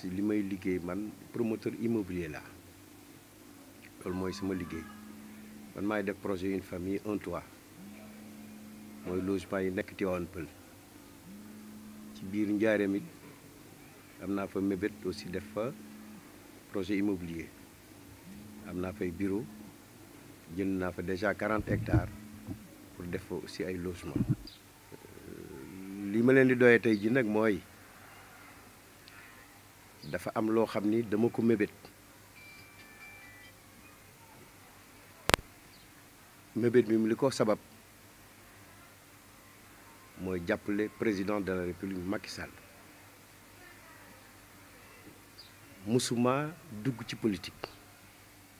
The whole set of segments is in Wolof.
si li may liggéey man promoteur immobilier la loolu mooy sama liggéey man maay def projet une famille un toit mooy logement yi nekk Tivaouane Peul ci biir Njaareem it am naa fa mébét aussi def fa projet immobilier am naa fay bureau jënd naa fa déjà quarante hectares pour def fa aussi ay logement euh, li ma leen di doyee tey ji nag mooy dafa am loo xam ni dama ko mébét mébét mi li ko sabab mooy jàppale président de la république Macky Sall musuma dugg ci politique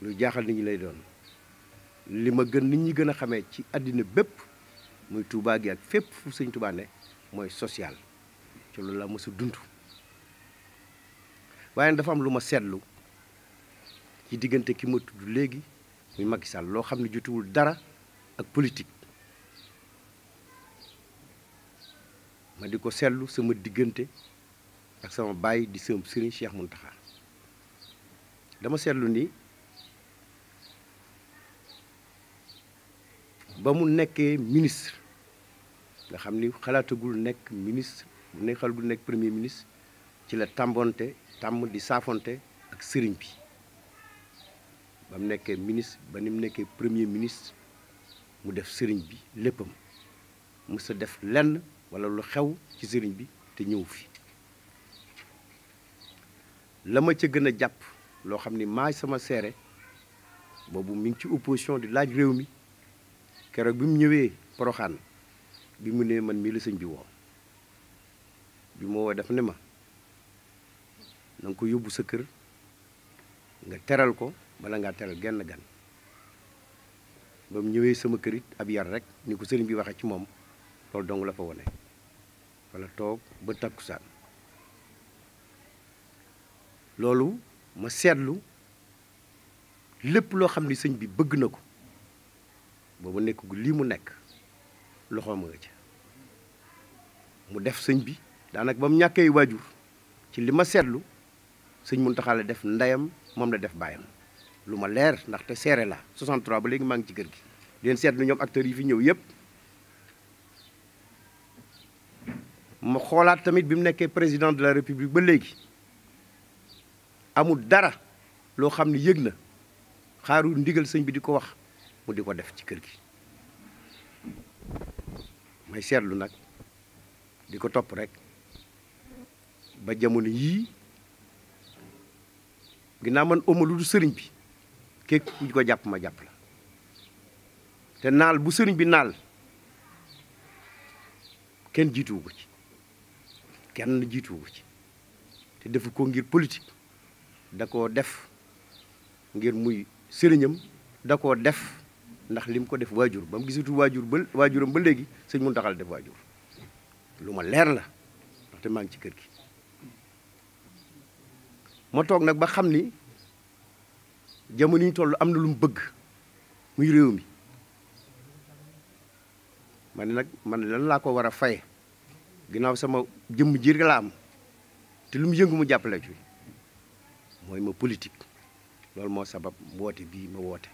lu jaaxal nit ñi lay doon li ma gën nit ñi gën a xamee ci àddina bépp muy Touba gi ak fépp fu sëñ Touba mooy social ci loolu la mësu dund waaye dafa am lu ma seetlu ci diggante ki ma tudd léegi muy Macky Sall loo xam ne jotuwul dara ak politique ma di ko seetlu sama diggante ak sama baay di sama sëriñ Cheikh Mountakha dama seetlu nii ba mu nekkee ministre nga xam ni xalaatagul nekk ministre mu ne xalaatagul nekk premier ministre ci la tàmboonte tàmm di saafonte ak sëriñ bi ba mu nekkee ministre ba ni mu nekkee premier ministre mu def sëriñ bi léppam mës sa def lenn wala lu xew ci sëriñ bi te ñëw fi la ma ca gën a jàpp loo xam ni maay sama seere boobu mu ngi ci opposition di laaj réew mi keroog bi mu ñëwee Poroxaan bi mu ne man mii la sëñ bi woo bi moo woo daf ne ma na ko yóbbu sa kër nga teral ko bala ngaa teral genn gan ba mu ñëwee sama kërit ab yar rek ni ko sëriñ bi waxee ci moom loolu dong la fa wone walla toog ba takkusaan loolu ma seetlu lépp loo xam ni sëñ bi bëgg na ko boobu nekk gu lii mu nekk loxoom nga ca mu def sëñ bi daanaka ba mu ñàkkee waajur ci li ma seetlu sëñ Muntaxa la def ndeyam moom la def baayam lu ma leer ndaxte seere la 63 ba léegi maa ngi ci kër gi di leen seetlu ñoom acteurs yi fi ñëw yëpp ma xoolaat tamit bi mu nekkee président de la république ba léegi amul dara loo xam ne yëg na xaaru ndigal sëñ bi di ko wax mu di ko def ci kër gi may seetlu nag di ko topp rekk ba jamono yii ginnaaw man oma lu du sëriñ bi képp ku ko jàpp ma jàpp la te naal bu sëriñ bi naal kenn jiituwu ko ci kenn jiituwu ko ci te defu ko ngir politique da koo def ngir muy sëriñam da koo def ndax lim ko def waajur bam mu gisatu waajur ba waajuram ba léegi sëñ mun taxal def waajur lu ma leer la ndaxte maa ngi ci kër gi ma toog nag ba xam ni jamono ñu toll am na lu mu bëgg muy réew mi man ne nag man lan laa ko war a fay ginnaaw sama jëmm jir rek am te lu mu yëngu mu jàppale ci mooy ma politique loolu moo sabab woote bii ma woote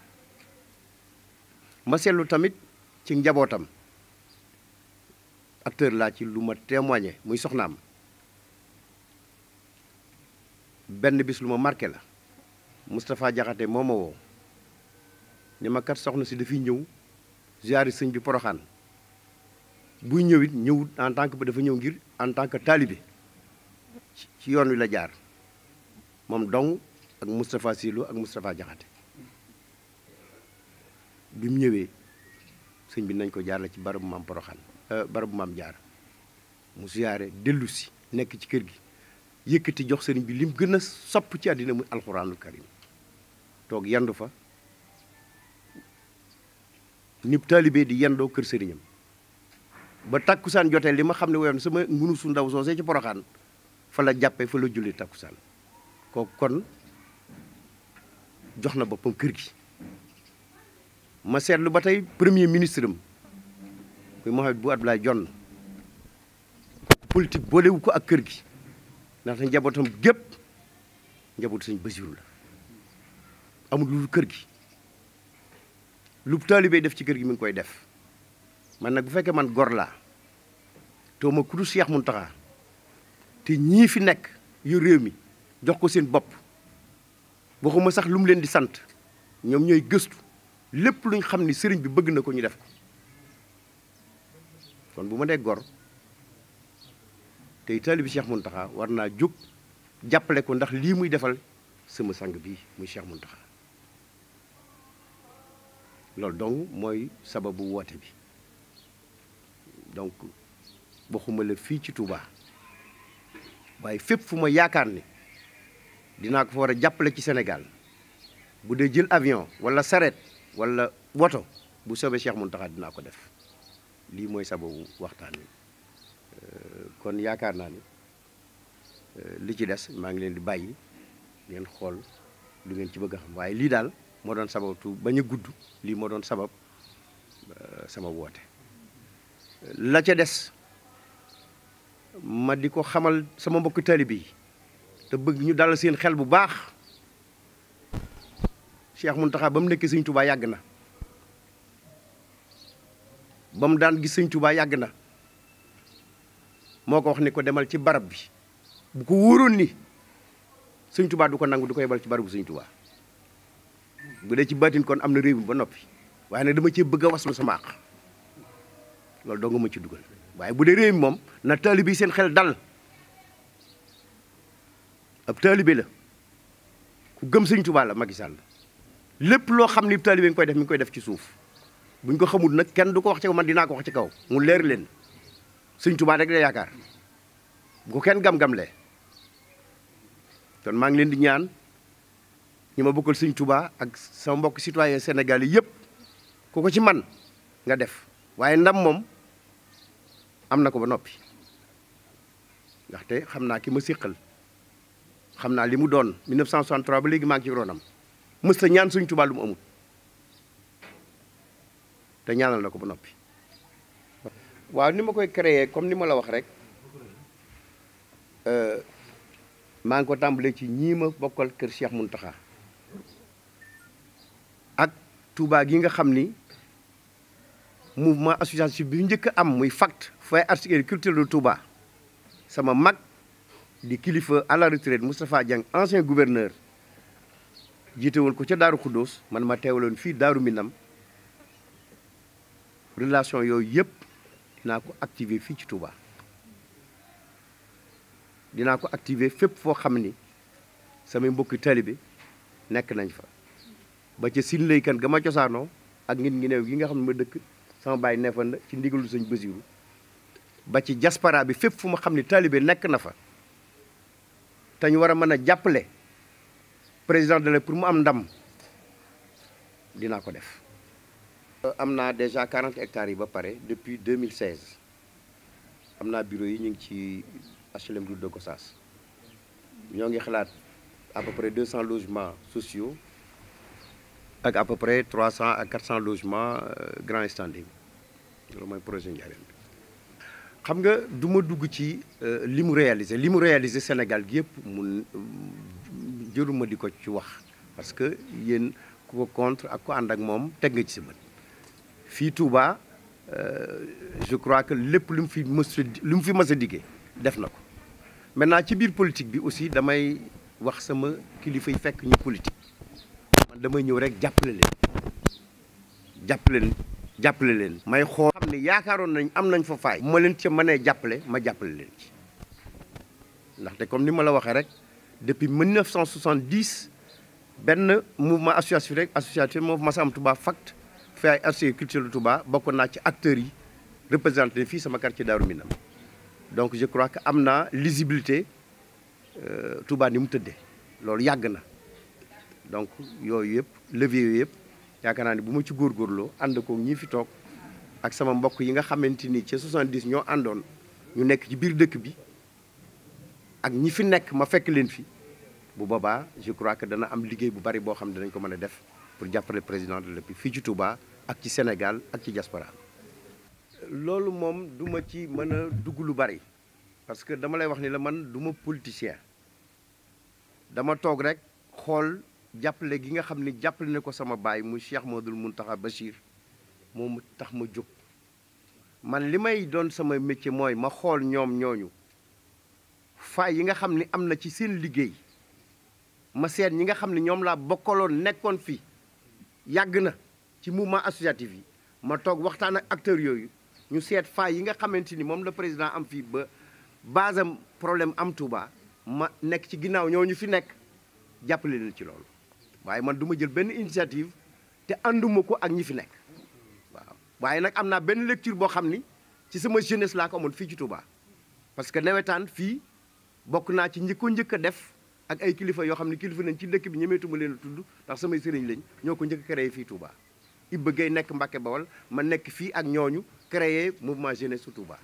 ma seetlu tamit ci njabootam acteur laa ci lu ma témoigné muy soxnaam benn bis lu ma marqué la Moustapha Diakhaté moom ma woo ne ma kat soxna si dafiy ñëw ziyaari sëñ bi poroxaan buy ñëwit ñëwut en tant que dafa ñëw ngir en tant que taalibe ci yoon wi la jaar moom dong ak Moustapha Silo ak Moustapha Diakhaté bi mu ñëwee sëñ bi nañ ko jaar la ci barabu maam poroxaan euh, barabu maam jaar mu ziyaare dellu nekk ci kër gi yëkkati jox sëriñ bi lim gën a sopp ci àddina muy alxuraanul karim toog yandu fa nib taalibe di yendoo kër sëriñam ba takkusaan jotee li ma xam ne woyoon sama ngunu su ndaw soosee ci poroxaan fa la jàppee fa la julli takkusaan kooku kon jox na boppam kër gi ma seetlu ba tey premier ministre am muy Mahammed Boun Abdallah Dionne politique boolewu ko ak kër gi ndax njabootam gépp njabootu sëñ Basiru la amul lu kër gi lu taalibe def ci kër gi mu ngi koy def man nag bu fekkee man gor laa te ma ku dul Seex Muntaxa te ñii fi nekk yu réew mi jox ko seen bopp waxuma sax lu mu leen di sant ñoom ñooy gëstu lépp luñ xam ni sëriñ bi bëgg na ko ñu def ko kon bu ma dee gor tey seex mun Mountakha war naa jóg jàppale ko ndax lii muy defal sama sang bii muy seex Cheikh Mountakha loolu donc mooy sababu woote bi donc waxuma la fii ci Touba waaye fépp fu ma yaakaar ni dinaa ko fa war a jàppale ci Sénégal bu dee jël avion wala saret wala woto bu soobee Cheikh Mountakha dinaa ko def lii mooy sababu waxtaan wi kon yaakaar naa ni euh, li ci des maa ngi leen di bàyyi ngeen xool du ngeen ci bëgg a xam waaye lii daal moo doon sababtu ba a gudd lii moo doon sabab euh, sama woote la ca des ma di ko xamal sama mbokk taalibe yi te bëgg ñu dalal seen xel bu baax mun Mountakha ba mu nekk Sëñ Touba yàgg na ba mu daan gis Sëñ Touba yàgg na moo ko wax ni ko demal ci barab bi bu ko wóoroon ni sëñ tubaa du ko nangu du ko yebal ci barabu sëñ tubaa bu dee ci baatin kon am na réew mi ba noppi waaye nag dama cee bëgg a waslu sama àq loolu doo nga ma ci dugal waaye bu dee réew mi moom na taalibe yi seen xel dal ab taalibe la ku gëm sëñ la Macky Sall lépp loo xam ni taalibe ngi koy def mi ngi koy def ci suuf buñ ko xamul nag kenn du ko wax ci kaw man dinaa ko wax ci kaw mu leer leen sëñ Tuubaa rek la yaakaar bu ko kenn gam-gamlee kon maa ngi leen di ñaan ñu ma bokkal sëñ tubaa ak sama mbokk citoyen Sénégal yi yëpp ku ko ci man nga def waaye ndam moom am na ko ba noppi ndaxte xam naa ki ma siqal xam naa li mu doon 1963 ba léegi maa ngi ci ronam mës ta ñaan sëñ Tuubaa lu te ñaanal na ko ba noppi waaw ni ma koy créer comme ni ma la wax rek euh, maa ngi ko tàmbalee ci ñii ma bokkal kër Cheikh Mountakha ak Touba gi nga xam ni mouvement association bi njëkk am muy FACT Foyer artistique et culturel de sama mag di kilifa à la retraite Moustapha Dieng ancien gouverneur ko ca Daaru Xuddoos man ma teewaloon fii Daaru Minam relation yooyu yëpp dinaa ko activer fii ci Touba dinaa ko active fépp foo xam ni samay mbokki taalibe nekk nañ fa ba ca sin laykan ga ma cosaanoo ak ngit ngi neew yi nga xam ne ma dëkk sama bàyyi neefan la ci ndigalu sëñ Basiru ba ci jasparaa bi fépp fu ma xam ne taalibe nekk na fa te ñu war a mën a jàppale président de pour mu am ndam dinaa ko def Euh, am naa déjà 40 hectares yi ba pare depuis 2016 am naa bureau yi ñu ngi ci HLM Route de Gossas ñoo ngi xalaat à peu près 200 logements sociaux ak à peu près 300 ak 400 logements euh, grand standing loolu mooy projet Ndiarème xam nga du ma dugg ci euh, li mu réalisé li mu réalisé Sénégal gi yëpp mun jëluma di ko ci wax parce que yéen ku ko contre ak ku ànd ak moom teg nga ci sa bët fii Touba euh, je crois que lépp lu mu fi mës lu mu fi mës a diggee def na ko maintenant ci biir politique bi aussi damay wax sama kilifa yi fekk ñu politique man damay ñëw rek jàppale leen jàppale leen may xool am ne yaakaaroon nañ am nañ fa faay. ma leen ca mënee jàppale ma jàppale leen ci ndaxte comme ni ma la waxee rek depuis 1970 benn mouvement associatif rek associatif mouvement Massam Touba FACT. fi ay archives culturelles de Touba bokk naa ci acteurs yi représenté fii sama quartier Daaru Minam donc je crois que am naa lisibilité euh, Touba ni mu tëddee loolu yàgg na donc yooyu yëpp levier yooyu yëpp yaakaar naa ne bu ma ci góorgóorloo ànd ko ñi fi toog ak sama mbokk yi nga xamante ni ci 70 ñoo àndoon ñu nekk ci biir dëkk bi ak ñi fi nekk ma fekk leen fi bu boobaa je crois que dana am liggéey bu bari boo xam ne danañ ko mën a def pour jàppale président de la République fii ci Touba ak ci Sénégal ak ci diaspora loolu moom duma ci mën a dugg lu bari parce que dama lay wax ni la man duma ma dama toog rek xool jàppale gi nga xam ni jàppale na ko sama baay mu dul Cheikh Modou Mountakha Bachir moom tax ma jóg man li may doon sama métier mooy ma xool ñoom ñooñu faay yi nga xam ni am na ci seen liggéey ma seet ñi nga xam ne ñoom laa bokkaloon nekkoon fii yàgg na ci mouvement associatif yi ma toog waxtaan ak acteurs yooyu ñu seet faay yi nga xamante ni moom la président am fii ba base problème am Touba ma nekk ci ginnaaw ñoo ñu fi nekk jàppale leen ci loolu waaye man du ma jël benn initiative te ànduma ko ak ñu fi nekk waaw waaye nag am naa benn lecture boo xam ni ci sama jeunesse laa ko amoon fii ci Touba parce que nawetaan fii bokk naa ci njëkko njëkk a def ak ay kilifa yoo xam ne kilifa nañ ci dëkk bi ñemeetuma leen a tudd ndax samay sëriñ lañ ñoo ko njëkk créé fii Touba Ibba Gueye nekk Mbacke Bawol ma nekk fii ak ñooñu créé mouvement jeunesse su Touba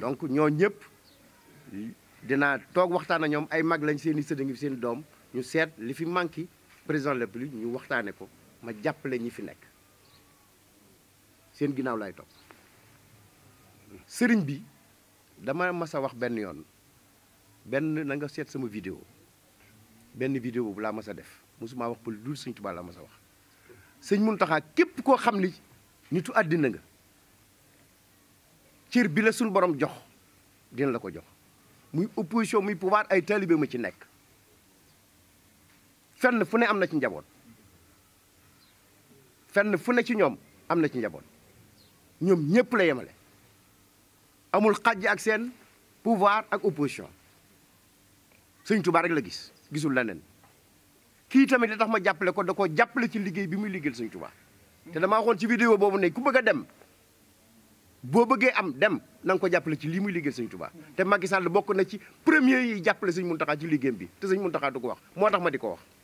donc ñoo ñëpp dinaa toog waxtaan ak ñoom ay mag lañ seen i sët ngi seen doom ñu seet li fi manqué président de la République ñu waxtaane ko ma jàppale ñi fi nekk seen ginnaaw laay toog sëriñ bi dama mas a wax benn yoon benn na seet sama vidéo benn vidéo bu laa mas a def mosuma wax pour dul sëñ Tuubaa laa mas a wax sëñ Muntaxa képp koo xam ni nitu àddina nga cër bi la suñu borom jox dina la ko jox muy opposition muy pouvoir ay taalibe ma ci nekk fenn fu ne am na ci njaboot fenn fu ne ci ñoom am na ci njaboot ñoom ñëpp la yemale amul xàjj ak seen pouvoir ak opposition sëñ Touba la gis gisul leneen kii tamit li tax ma jàppale ko da koo jàppale ci liggéey bi muy liggéeyal sëñ Touba te dama waxoon ci vidéo boobu ne ku bëgg a dem boo bëggee am dem nan nga ko jàppale ci lii muy liggéeyal sëñ tubaa te Macky Sall bokk na ci premier yi jàppale sëñ Mountakha ci liggéeyam bi te sëñ Mountakha du ko wax moo tax ma di ko wax